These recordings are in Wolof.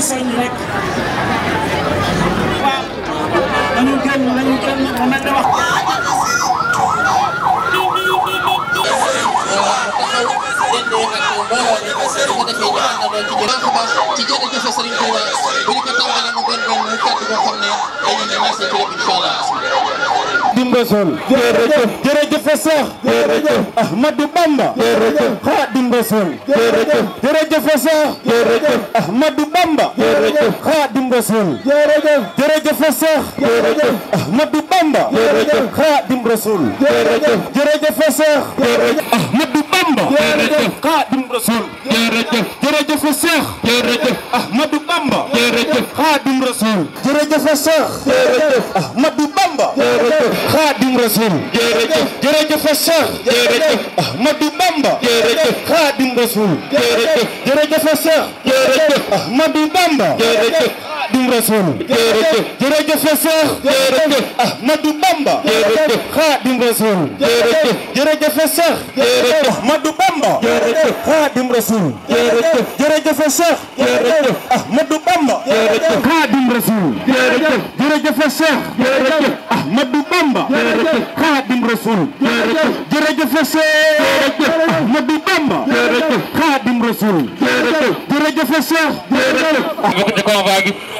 ñuy soññ rek waaw nañu génn nañu génn mu mel ne wax. waaw taxaw mbooloo mi parce que bu defee ñu àndandoo ci jërëjëf bu baax ci jërëjëf Serigne Touba bu ñu ko tàmbalee mu doon benn kàddu boo xam ne dañu ne merci trop incha allah. Dimba Sol. jërëjëf jërëjëf Seex. jërëjëf Ahmadou Bamba. jërëjëf Xaadimu Rasuul. jërëjëf jërëjëf Seex. jërëjëf Ahmadou Bamba. jërëjëf Xaadimu Rasuul. jërëjëf jërëjëf Seex. jërëjëf Ahmadou Bamba. jërëjëf Xaadimu Rasuul. jërëjëf jërëjëf Seex. jërëjëf Ahmadou Bamba jërëjëf Xaadim Rasul jërëjëf jërëjëf Seex jërëjëf Ahmadou Bamba jërëjëf Xaadim Rasul jërëjëf Seex jërëjëf Ahmadou Bamba jërëjëf Xaadim Rasul jërëjëf jërëjëf Seex jërëjëf Ahmadou Bamba jërëjëf Xaadim Rasul jërëjëf jërëjëf Seex jërëjëf Ahmadou Bamba jërëjëf xaadim rasuul jërëjëf Seex jërëjëf Ahmadu Bamba jërëjëf xaadim rasuul jërëjëf jërëjëf Seex jërëjëf Ahmadu Bamba jërëjëf xaadim rasuul jërëjëf jërëjëf Seex jërëjëf Ahmadu Bamba jërëjëf xaadim rasuul jërëjëf jërëjëf Seex jërëjëf Ahmadu Bamba jërëjëf xaadim rasuul jërëjëf jërëjëf Seex jërëjëf Ahmadu Bamba jërëjëf xaadim rasuul jërëjëf jërëjëf Seex jërëjëf ah.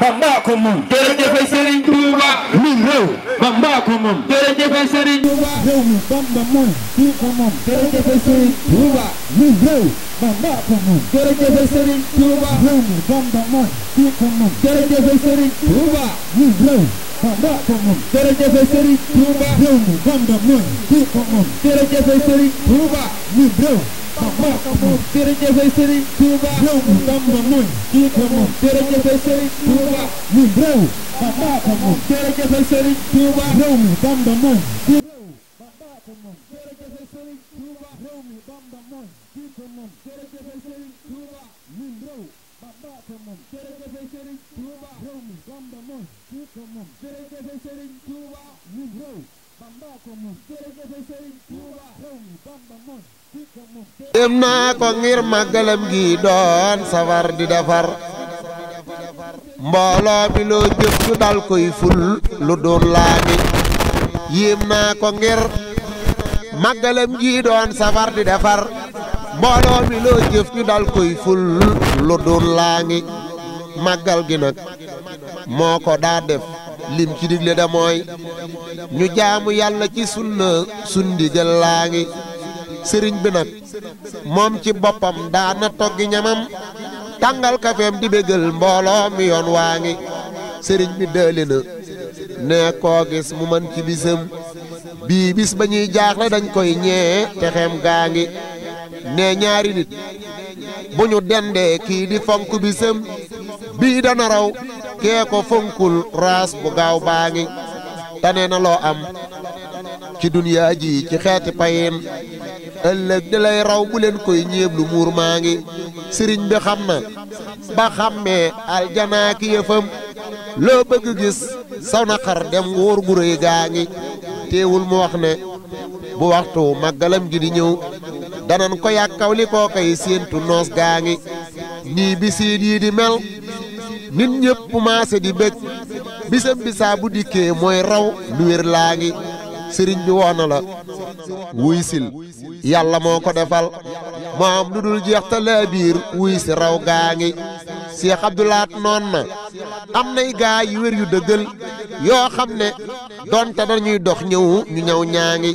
bamba ko moom. jërëjëf Serigne Touba. min réew. bamba ko moom. jërëjëf Serigne Touba. réew mi bamba moom. kii ko moom. jërëjëf Serigne Touba. min réew. bamba ko moom. jërëjëf Serigne Touba. réew mi bamba moom. kii ko moom. jërëjëf Serigne Touba. min réew. bamba ko moom. jërëjëf Serigne Touba. réew mi bamba moom. kii ko moom. jërëjëf Serigne Touba. min réew. jërëjëfay sëriñ Touba réew mi Bamba mooy jiite moom jërëjëfay sëriñ Touba ñun réew Bamba moom jërëjëfay sëriñ Touba mi Bamba mooy jiite moom jërëjëfay sëriñ mi Bamba mooy jiite moom jërëjëfay sëriñ Touba mi Bamba mooy jiite moom bamba naa ko ngir màggalam gi doon safar di defar mbooloo mi loo jëf ñu dal koy ful lu doon laami yéem naa ko ngir màggalam gi doon safar di defar mbooloo mi loo jëf ñu dal koy ful lu doon laa ngi màggal gi nag moo ko daa def lim ci digle da mooy ñu jaamu yàlla ci sunna sundi jël laa ngi sëriñ bi nag moom ci boppam daana toggi ñamam tàngal kafeem di bégal mbooloo mi waa ngi sëriñ bi dëëli na ne koo gis mu mën ci bisam bii bis ba ñuy jaaxle dañ koy ñee te xem gaa ngi ne ñaari nit bu ñu dendee kii di fonk bisam bii dana raw kee ko fonkul raas bu gaaw baa ngi tane na loo am ci duniyaa ji ci xeeti payin ëllëg di lay raw bu leen koy ñéeblu muur maa ngi sëriñ bi xam na ba xàmmee aljanaa ki yëfam loo bëgg gis saw naqar dem wóor gu rëy gaa ngi teewul mu wax ne bu waxtu màggalam gi di ñëw danan ko yàkkaw li séentu noos gaa ngi nii bi siin yii di mel nit ñëpp maase di bég bisam bisaa bu dikkee mooy raw nu wér laa ngi sëriñ bi woo na la wuy sil yàlla moo ko defal moo am lu dul jeex te laa biir wuy si raw gaa ngi Seex laat noon na am nay gaa yu wér yu dëggal yoo xam ne doonte dañuy dox ñëwu ñu ñëw ñaa ngi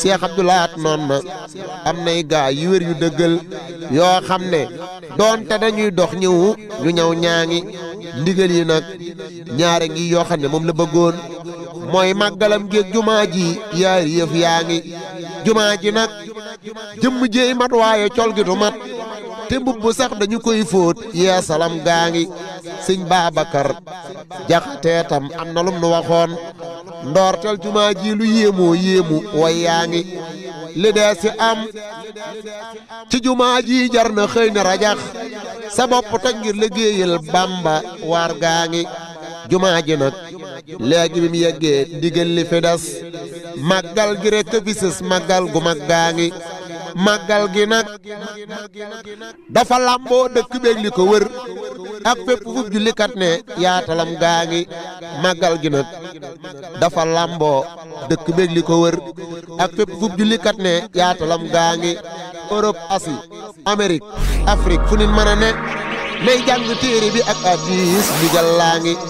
Seex Abdulaat noon na am nay gaa yu wér yu dëggal yoo xam ne donte dañuy dox ñëwu ñu ñëw ñaa ngi ndigal yi nag ñaare ngi yoo xam ne moom la bëggoon mooy màggalam géeg jumaa ji yaari yëf yaa ngi nag jëmm jéey mat waaye col gi du mat te mbubb sax dañu koy fóot yeesalam gaa ngi sëñ Babacar jaxatee tam am na lum nu waxoon ndoortel jumaa lu yéemoo yéemu way yaa ngi am ci jumaa ji xëy na rajax sa bopp toj ngir liggéeyal Bàmba waar gaa ngi jumaa ji nag léegi bi mu yeggee ndigal li fi des màggal gi rekk bisis màggal gu mag gaa ngi màggal gi nag dafa lamboo dëkk beeg li ko wër ak fépp fu jullikat ne yaatalam gaa ngi màggal gi nag dafa làmboo dëkk beeg ko wër ak fépp fu jullikat ne yaatalam gaa ngi Europe Asie Amérique Afrique fu nit mën a ne nay jàng téere bi ak hadiis ndigal